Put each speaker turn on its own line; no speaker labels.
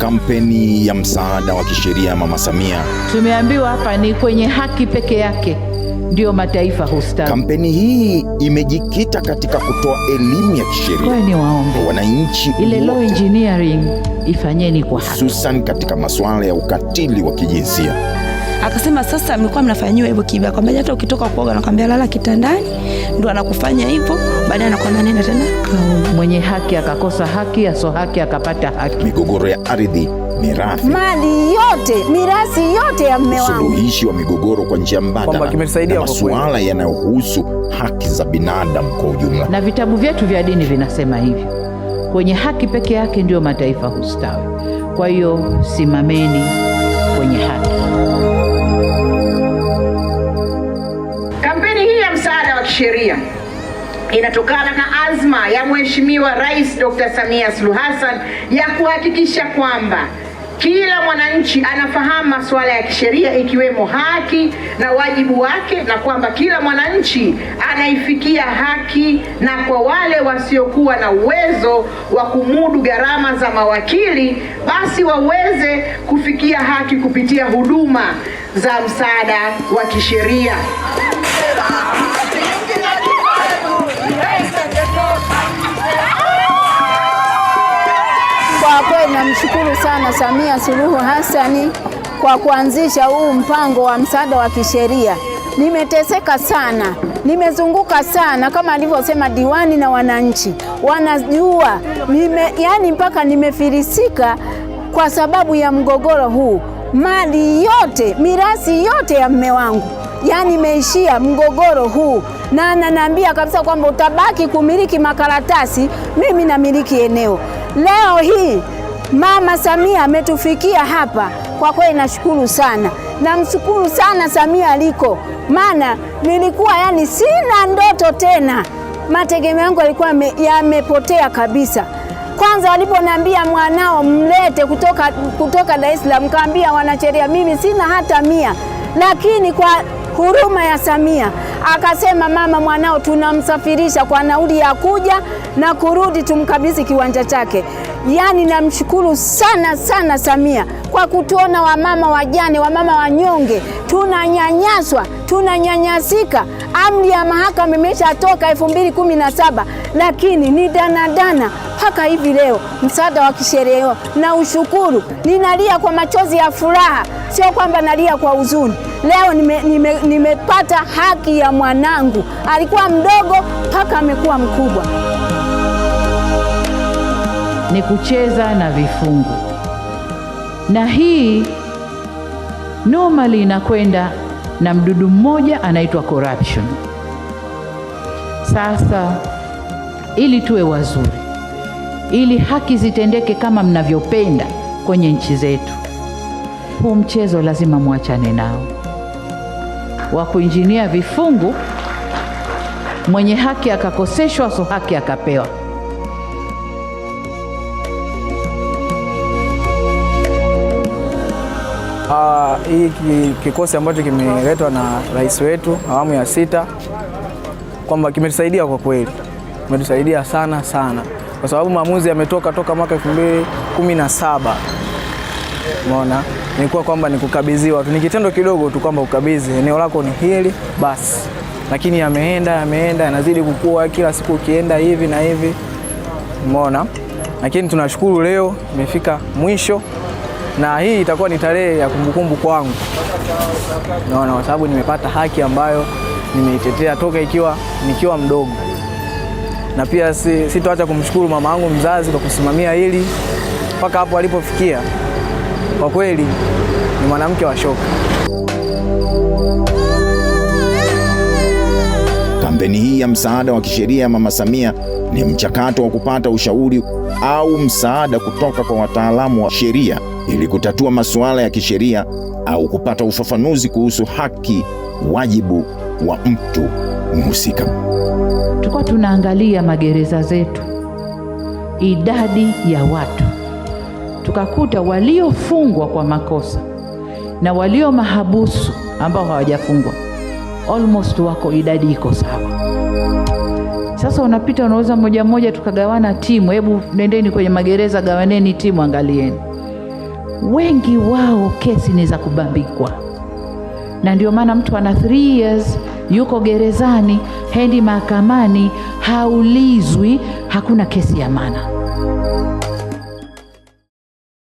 kampeni ya msaada wa kisheria Mama Samia.
Tumeambiwa hapa ni kwenye haki peke yake ndio mataifa hustawi.
Kampeni hii imejikita katika kutoa elimu ya kisheria ni waombe wananchi,
ile law engineering ifanyeni kwa
hususan katika masuala ya ukatili wa kijinsia.
Akasema sasa mlikuwa mnafanyiwa hivyo kibia, akamwambia hata ukitoka kuoga nakwambia lala kitandani, ndo anakufanya hivyo, baadaye anakwambia nenda tena
Mwenye haki akakosa haki, aso haki akapata haki.
Migogoro ya ardhi mirathi
mali yote mirasi yote ya mme wangu,
suluhishi wa migogoro kwa njia mbadala kimesaidia masuala yanayohusu haki za binadamu kwa ujumla.
Na vitabu vyetu vya dini vinasema hivyo, kwenye haki peke yake ndiyo mataifa hustawi. Kwa hiyo simameni kwenye
inatokana na azma ya Mheshimiwa Rais Dr. Samia Suluhu Hassan ya kuhakikisha kwamba kila mwananchi anafahamu masuala ya kisheria ikiwemo haki na wajibu wake, na kwamba kila mwananchi anaifikia haki, na kwa wale wasiokuwa na uwezo wa kumudu gharama za mawakili, basi waweze kufikia haki kupitia huduma za msaada wa kisheria.
kwa kweli namshukuru sana Samia Suluhu Hassani kwa kuanzisha huu mpango wa msaada wa kisheria. Nimeteseka sana, nimezunguka sana, kama alivyosema diwani na wananchi wanajua nime, yani mpaka nimefilisika kwa sababu ya mgogoro huu. Mali yote mirasi yote ya mme wangu yani imeishia mgogoro huu, na ananiambia kabisa kwamba utabaki kumiliki makaratasi, mimi namiliki eneo Leo hii Mama Samia ametufikia hapa, kwa kweli nashukuru sana, namshukuru sana Samia aliko, maana nilikuwa yani sina ndoto tena, mategemeo yangu yalikuwa yamepotea kabisa. Kwanza waliponiambia mwanao mlete kutoka, kutoka Dar es Salaam, kaambia wanasheria mimi sina hata mia, lakini kwa huruma ya Samia akasema, mama mwanao tunamsafirisha kwa nauli ya kuja na kurudi, tumkabidhi kiwanja chake. Yaani namshukuru sana sana Samia kwa kutuona wamama wajane, wamama wanyonge, tunanyanyaswa, tunanyanyasika. Amri ya mahakama imeshatoka elfu mbili kumi na saba lakini ni danadana mpaka hivi leo msaada wa kisheria na ushukuru. Ninalia kwa machozi ya furaha, sio kwamba nalia kwa huzuni. Leo nimepata nime, nime haki ya mwanangu, alikuwa mdogo mpaka amekuwa mkubwa.
Ni kucheza na vifungu, na hii normally inakwenda na mdudu mmoja anaitwa corruption. Sasa ili tuwe wazuri ili haki zitendeke kama mnavyopenda kwenye nchi zetu. Huu mchezo lazima mwachane nao, wa kuinjinia vifungu, mwenye haki akakoseshwa, so haki akapewa.
Uh, hii kikosi ambacho kimeletwa na rais wetu awamu ya sita kwamba kimetusaidia kwa kweli, kimetusaidia sana sana kwa sababu maamuzi yametoka toka mwaka 2017. Umeona, nilikuwa kwamba nikukabidhiwa tu, ni kitendo kidogo tu kwamba ukabidhi eneo lako ni hili basi, lakini yameenda yameenda, yanazidi kukua kila siku, ukienda hivi na hivi, umeona. Lakini tunashukuru leo imefika mwisho, na hii itakuwa ni tarehe ya kumbukumbu kwangu, umeona, kwa sababu nimepata haki ambayo nimeitetea toka ikiwa nikiwa mdogo na pia sitoacha kumshukuru mama yangu mzazi kwa kusimamia hili mpaka hapo alipofikia. Kwa kweli ni mwanamke wa shoka.
Kampeni hii ya msaada wa kisheria ya Mama Samia ni mchakato wa kupata ushauri au msaada kutoka kwa wataalamu wa sheria ili kutatua masuala ya kisheria au kupata ufafanuzi kuhusu haki, wajibu wa mtu mhusika.
Tulikuwa tunaangalia magereza zetu, idadi ya watu, tukakuta waliofungwa kwa makosa na walio mahabusu ambao hawajafungwa almost wako idadi iko sawa. Sasa unapita unaweza moja moja, tukagawana timu, hebu nendeni kwenye magereza, gawaneni timu, angalieni. Wengi wao kesi ni za kubambikwa na ndio maana mtu ana 3 years yuko gerezani, hendi mahakamani, haulizwi, hakuna kesi ya maana.